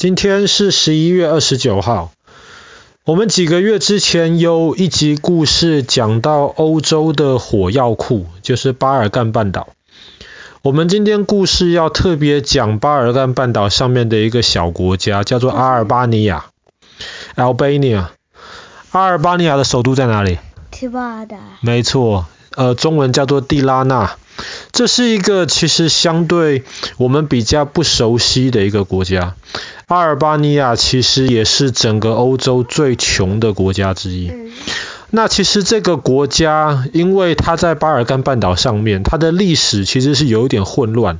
今天是十一月二十九號。我們幾個月之前有一集故事講到歐洲的火藥庫，就是巴爾幹半島。我們今天故事要特別講巴爾幹半島上面的一個小國家，叫做阿爾巴尼亞 （Albania）。阿爾巴尼亞的首都在哪裡？Tirana。沒錯，呃，中文叫做蒂拉納。這是一個其實相對我們比較不熟悉的一個國家，阿爾巴尼亞其實也是整個歐洲最窮的國家之一。嗯。那其實這個國家，因為它在巴爾幹半島上面，它的歷史其實是有一點混亂。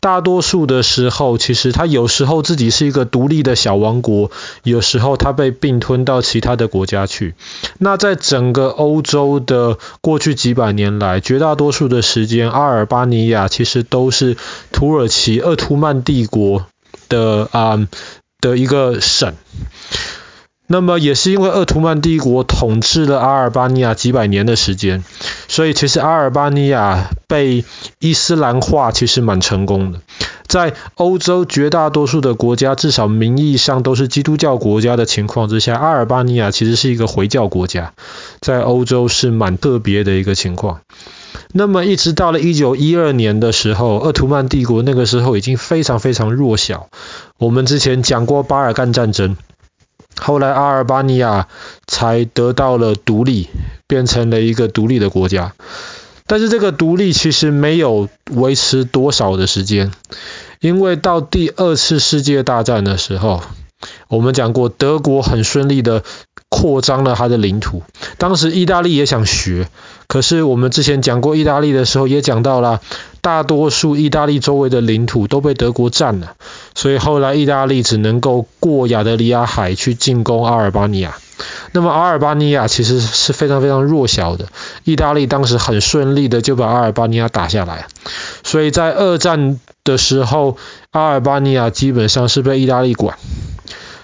大多數的時候，其實它有時候自己是一個獨立的小王國，有時候它被併吞到其他的國家去。那在整個歐洲的過去幾百年來，絕大多數的時間，阿爾巴尼亞其實都是土耳其鄂圖曼帝國的啊、嗯、的一個省。那麼也是因為鄂圖曼帝國統治了阿爾巴尼亞幾百年的時間，所以其實阿爾巴尼亞被伊斯蘭化其實蠻成功的。在歐洲絕大多數的國家，至少名義上都是基督教國家的情況之下，阿爾巴尼亞其實是一個回教國家，在歐洲是蠻特別的一個情況。那麼一直到了一九一二年的時候，鄂圖曼帝國那個時候已經非常非常弱小。我們之前講過巴爾幹戰爭。後來阿爾巴尼亞才得到了獨立，變成了一個獨立的國家。但是這個獨立其實沒有維持多少的時間，因為到第二次世界大戰的時候，我們講過德國很順利的擴張了它的領土，當時意大利也想學，可是我們之前講過意大利的時候也講到了。大多數意大利周圍的領土都被德國佔了，所以後來意大利只能夠過亞得里亞海去進攻阿爾巴尼亞。那麼阿爾巴尼亞其實是非常非常弱小的，意大利當時很順利的就把阿爾巴尼亞打下來。所以在二戰的時候，阿爾巴尼亞基本上是被意大利管。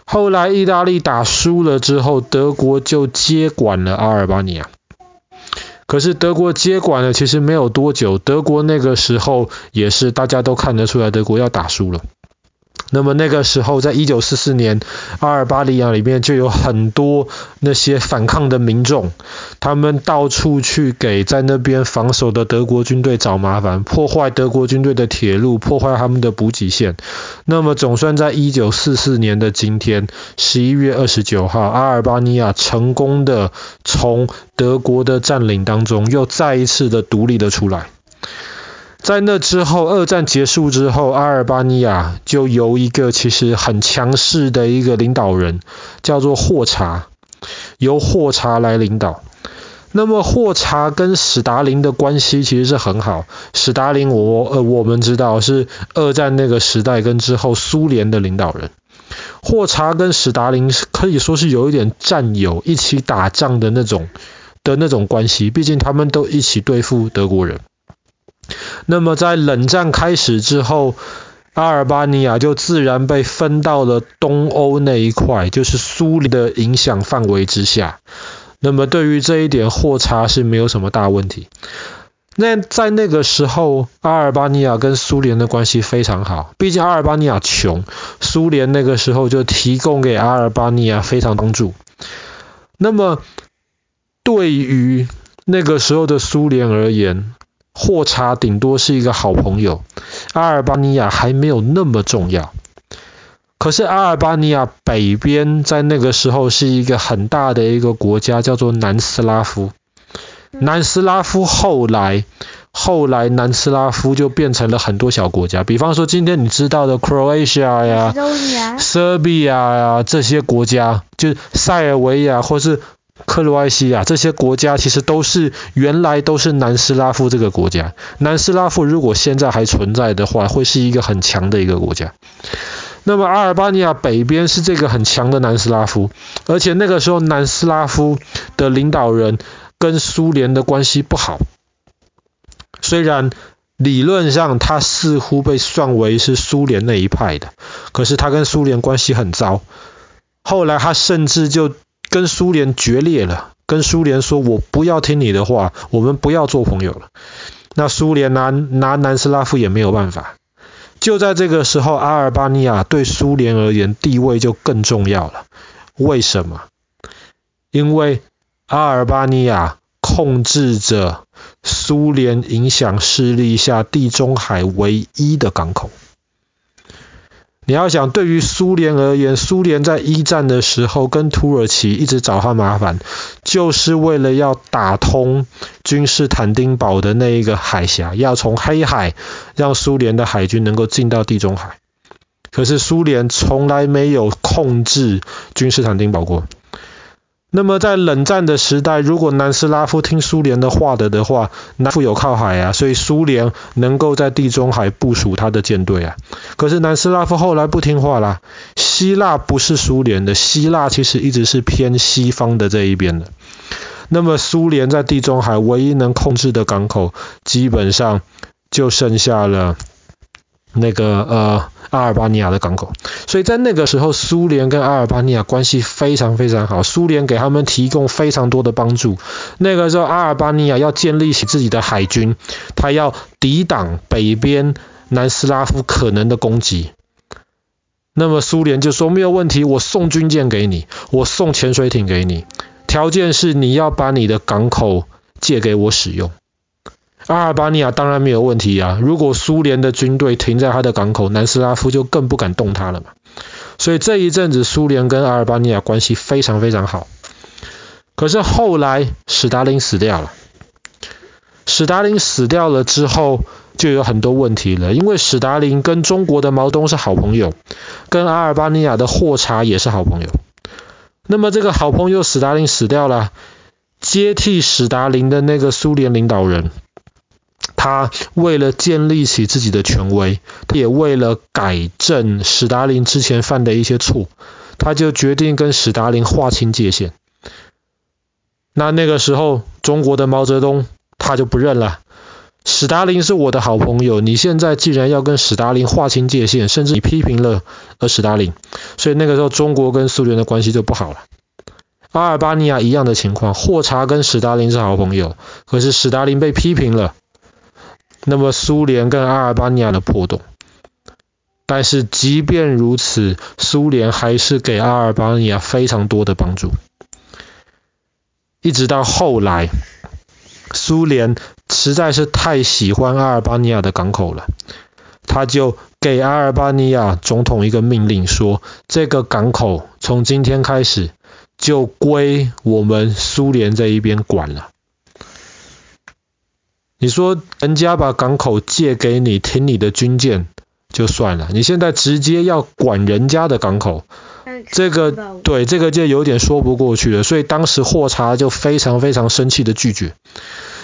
後來意大利打輸了之後，德國就接管了阿爾巴尼亞。可是德國接管了，其實沒有多久，德國那個時候也是大家都看得出來，德國要打輸了。那麼那個時候，在1944年，阿爾巴尼亞裡面就有很多那些反抗的民眾，他們到處去給在那邊防守的德國軍隊找麻煩，破壞德國軍隊的鐵路，破壞他們的補給線。那麼總算在1944年的今天，11月29號，阿爾巴尼亞成功的從德國的占領當中又再一次的獨立了出來。在那之後，二戰結束之後，阿爾巴尼亞就由一個其實很強勢的一個領導人叫做霍查，由霍查來領導。那麼霍查跟史達林的關係其實是很好。史達林我呃我，我們知道是二戰那個時代跟之後蘇聯的領導人，霍查跟史達林可以說是有一點戰友一起打仗的那種的那種關係，畢竟他們都一起對付德國人。那麼，在冷戰開始之後，阿爾巴尼亞就自然被分到了東歐那一塊，就是蘇聯的影響範圍之下。那麼，對於這一點，霍查是沒有什麼大問題。那在那個時候，阿爾巴尼亞跟蘇聯的關係非常好，畢竟阿爾巴尼亞窮，蘇聯那個時候就提供給阿爾巴尼亞非常幫助。那麼，對於那個時候的蘇聯而言，霍查頂多是一個好朋友，阿爾巴尼亞還沒有那麼重要。可是阿爾巴尼亞北邊在那個時候是一個很大的一個國家，叫做南斯拉夫。南斯拉夫後來，後來南斯拉夫就變成了很多小國家，比方說今天你知道的 Croatia 呀、啊、Serbia 呀這些國家，就塞爾維亞或是。克羅埃西亞這些國家其實都是原來都是南斯拉夫這個國家。南斯拉夫如果現在還存在的話，會是一個很強的一個國家。那麼阿爾巴尼亞北邊是這個很強的南斯拉夫，而且那個時候南斯拉夫的領導人跟蘇聯的關係不好。雖然理論上他似乎被算為是蘇聯那一派的，可是他跟蘇聯關係很糟。後來他甚至就。跟蘇聯決裂了，跟蘇聯說：“我不要聽你的話，我們不要做朋友了。”那蘇聯拿拿南斯拉夫也沒有辦法。就在這個時候，阿爾巴尼亞對蘇聯而言地位就更重要了。為什麼？因為阿爾巴尼亞控制着蘇聯影響勢力下地中海唯一的港口。你要想，對於蘇聯而言，蘇聯在一戰的時候跟土耳其一直找他麻煩，就是為了要打通君士坦丁堡的那一個海峽，要從黑海讓蘇聯的海軍能夠進到地中海。可是蘇聯從來沒有控制君士坦丁堡過。那麼在冷戰的時代，如果南斯拉夫聽蘇聯的話的的話，南斯拉夫有靠海啊，所以蘇聯能夠在地中海部署他的艦隊啊。可是南斯拉夫後來不聽話啦，希臘不是蘇聯的，希臘其實一直是偏西方的這一邊的。那麼蘇聯在地中海唯一能控制的港口，基本上就剩下了那個呃。阿爾巴尼亞的港口，所以在那個時候，蘇聯跟阿爾巴尼亞關係非常非常好，蘇聯給他們提供非常多的幫助。那個時候，阿爾巴尼亞要建立起自己的海軍，他要抵擋北邊南斯拉夫可能的攻擊。那麼蘇聯就說，沒有問題，我送軍艦給你，我送潛水艇給你，條件是你要把你的港口借給我使用。阿爾巴尼亞當然沒有問題啊！如果蘇聯的軍隊停在他的港口，南斯拉夫就更不敢動他了嘛。所以這一陣子蘇聯跟阿爾巴尼亞關係非常非常好。可是後來史達林死掉了，史達林死掉了之後就有很多問題了，因為史達林跟中國的毛澤東是好朋友，跟阿爾巴尼亞的霍查也是好朋友。那麼這個好朋友史達林死掉了，接替史達林的那個蘇聯領導人。他為了建立起自己的權威，他也為了改正史達林之前犯的一些錯，他就決定跟史達林劃清界限。那那個時候，中國的毛澤東他就不認了，史達林是我的好朋友，你現在既然要跟史達林劃清界限，甚至你批評了呃史達林，所以那個時候中國跟蘇聯的關係就不好了。阿爾巴尼亞一樣的情況，霍查跟史達林是好朋友，可是史達林被批評了。那麼，蘇聯跟阿爾巴尼亞的破洞。但是，即便如此，蘇聯還是給阿爾巴尼亞非常多的幫助，一直到後來，蘇聯實在是太喜歡阿爾巴尼亞的港口了，他就給阿爾巴尼亞總統一個命令說，說這個港口從今天開始就歸我們蘇聯這一邊管了。你說人家把港口借給你停你的軍艦就算了，你現在直接要管人家的港口，嗯、這個對這個就有點說不過去了。所以當時霍查就非常非常生氣的拒絕，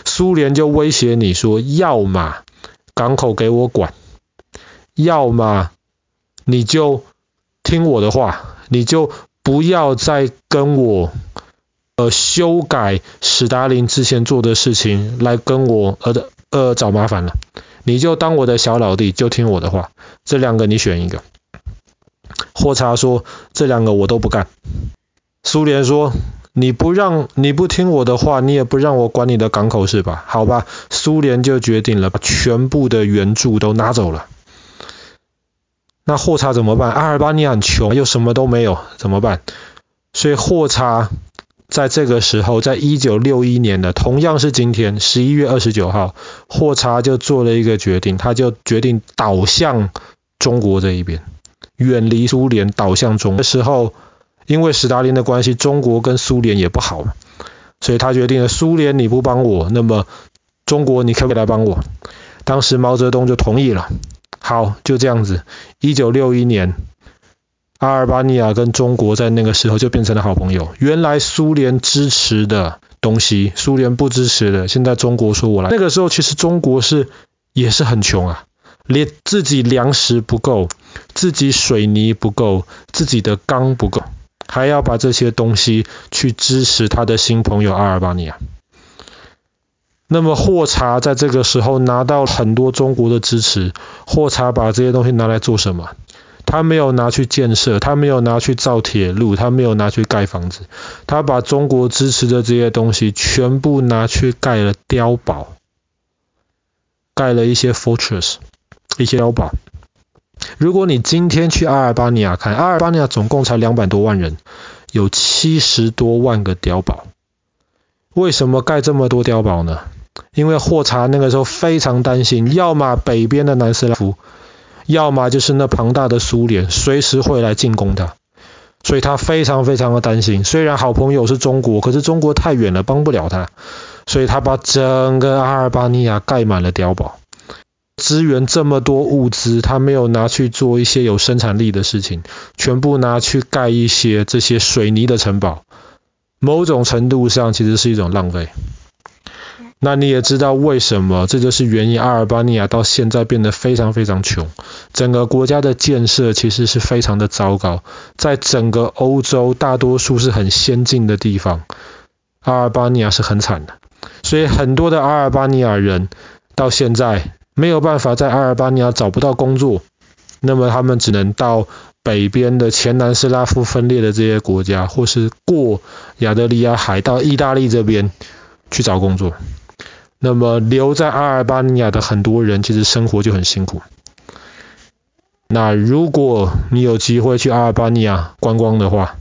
蘇聯就威脅你說：要麼港口給我管，要麼你就聽我的話，你就不要再跟我。呃，修改史達林之前做的事情來跟我呃呃找麻煩了。你就當我的小老弟，就聽我的話。這兩個你選一個。霍查說這兩個我都不幹。蘇聯說你不讓你不聽我的話，你也不讓我管你的港口是吧？好吧，蘇聯就決定了，把全部的援助都拿走了。那霍查怎麼辦？阿、啊、爾巴尼亞很窮，又什麼都沒有，怎麼辦？所以霍查。在這個時候，在一九六一年的同樣是今天十一月二十九號，霍查就做了一個決定，他就決定倒向中國這一邊，遠離蘇聯，倒向中國。的時候，因為史達林的關係，中國跟蘇聯也不好，所以他決定了，蘇聯你不幫我，那麼中國你可不可以來幫我？當時毛澤東就同意了，好，就這樣子，一九六一年。阿爾巴尼亞跟中國在那個時候就變成了好朋友。原來蘇聯支持的東西，蘇聯不支持的，現在中國說：“我來。”那個時候其實中國是也是很窮啊，連自己糧食不夠，自己水泥不夠，自己的鋼不夠，還要把這些東西去支持他的新朋友阿爾巴尼亞。那麼霍查在這個時候拿到很多中國的支持，霍查把這些東西拿來做什麼？他沒有拿去建設，他沒有拿去造鐵路，他沒有拿去蓋房子，他把中國支持的這些東西全部拿去蓋了碉堡，蓋了一些 fortress，一些碉堡。如果你今天去阿爾巴尼亞看，阿爾巴尼亞總共才兩百多萬人，有七十多萬個碉堡，為什麼蓋這麼多碉堡呢？因為霍查那個時候非常擔心，要麼北邊的南斯拉夫。要麼就是那龐大的蘇聯隨時會來進攻他，所以他非常非常的擔心。雖然好朋友是中國，可是中國太遠了，幫不了他，所以他把整個阿爾巴尼亞蓋滿了碉堡，支援這麼多物資，他沒有拿去做一些有生產力的事情，全部拿去蓋一些這些水泥的城堡，某種程度上其實是一種浪費。那你也知道為什麼？這就是原因，阿爾巴尼亞到現在變得非常非常窮，整個國家的建設其實是非常的糟糕。在整個歐洲，大多數是很先進的地方，阿爾巴尼亞是很慘的。所以很多的阿爾巴尼亞人到現在沒有辦法在阿爾巴尼亞找不到工作，那麼他們只能到北邊的前南斯拉夫分裂的這些國家，或是過亞得里亞海到意大利這邊去找工作。那麼留在阿爾巴尼亞的很多人，其實生活就很辛苦。那如果你有機會去阿爾巴尼亞觀光的話，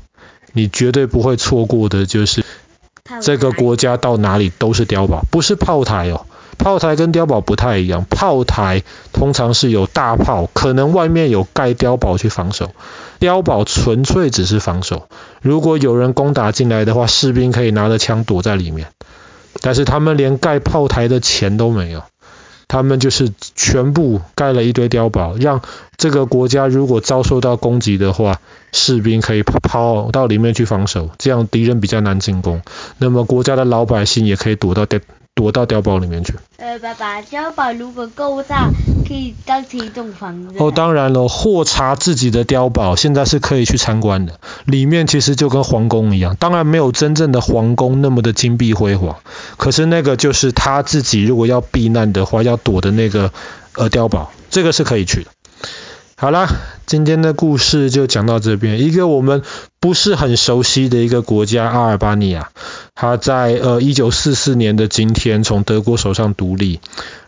你絕對不會錯過的就是，這個國家到哪裡都是碉堡，不是炮台哦。炮台跟碉堡不太一樣，炮台通常是有大炮，可能外面有蓋碉堡去防守。碉堡純粹只是防守，如果有人攻打進來的話，士兵可以拿着槍躲在裡面。但是他們連蓋炮台的錢都沒有，他們就是全部蓋了一堆碉堡，讓這個國家如果遭受到攻擊的話，士兵可以跑到裡面去防守，這樣敵人比較難進攻，那麼國家的老百姓也可以躲到躲到碉堡裡面去。呃，爸爸，碉堡如果夠大，可以當成一棟房子。哦，當然了，霍查自己的碉堡現在是可以去參觀的，裡面其實就跟皇宮一樣，當然沒有真正的皇宮那麼的金碧輝煌，可是那個就是他自己如果要避難的話要躲的那個呃碉堡，這個是可以去的。好了。今天的故事就講到這邊，一個我們不是很熟悉的一個國家阿爾巴尼亞，他在呃一九四四年的今天從德國手上獨立，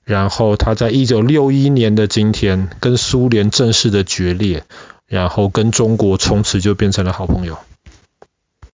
然後他在一九六一年的今天跟蘇聯正式的決裂，然後跟中國從此就變成了好朋友。